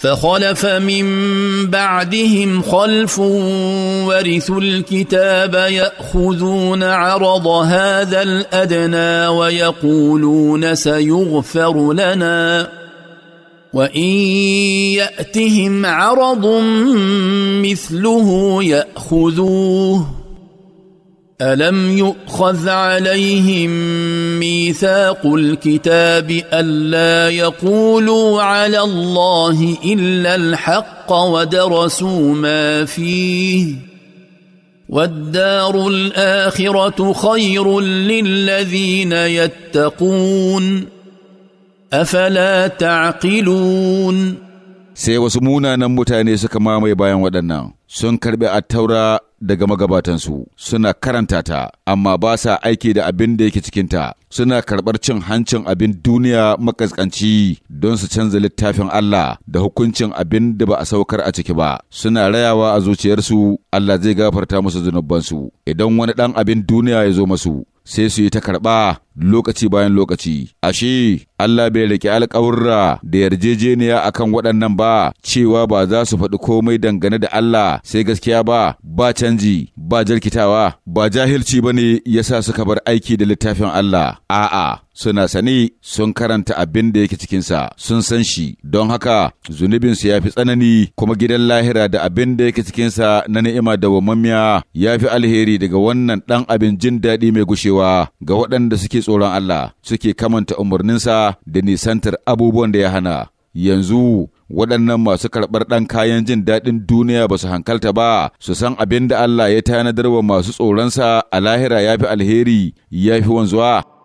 فخلف من بعدهم خلف ورثوا الكتاب ياخذون عرض هذا الادنى ويقولون سيغفر لنا وان ياتهم عرض مثله ياخذوه الم يؤخذ عليهم ميثاق الكتاب الا يقولوا على الله الا الحق ودرسوا ما فيه والدار الاخره خير للذين يتقون افلا تعقلون سيوسمونا نموتاني سكما mutane suka mamaye bayan waɗannan daga magabatansu suna karanta ta amma ba sa aiki da abin da yake cikinta suna karɓar cin hancin abin duniya makaskanci don su canza littafin Allah da hukuncin abin da ba a saukar a ciki ba suna rayawa a zuciyarsu Allah zai gafarta musu zunubansu idan wani ɗan abin duniya ya zo masu sai su yi ta karɓa lokaci bayan lokaci ashe Allah bai riƙe alƙawurra da yarjejeniya a kan waɗannan ba cewa ba za su faɗi komai dangane da Allah sai gaskiya ba ba canji ba jirkitawa ba jahilci ba ne ya sa suka bar aiki da littafin Allah a'a suna sani sun karanta abin da yake cikinsa sun san shi don haka zunubinsu ya fi tsanani kuma gidan lahira da abin da yake cikinsa na ni'ima da wamammiya ya fi alheri daga wannan ɗan abin jin daɗi mai gushewa ga waɗanda suke suke tsoron Allah suke kamanta umarninsa da nisantar abubuwan da ya hana. Yanzu waɗannan masu karɓar ɗan kayan jin daɗin duniya ba su hankalta ba su san abin da Allah ya tanadar wa masu tsoronsa a lahira ya fi alheri ya fi wanzuwa.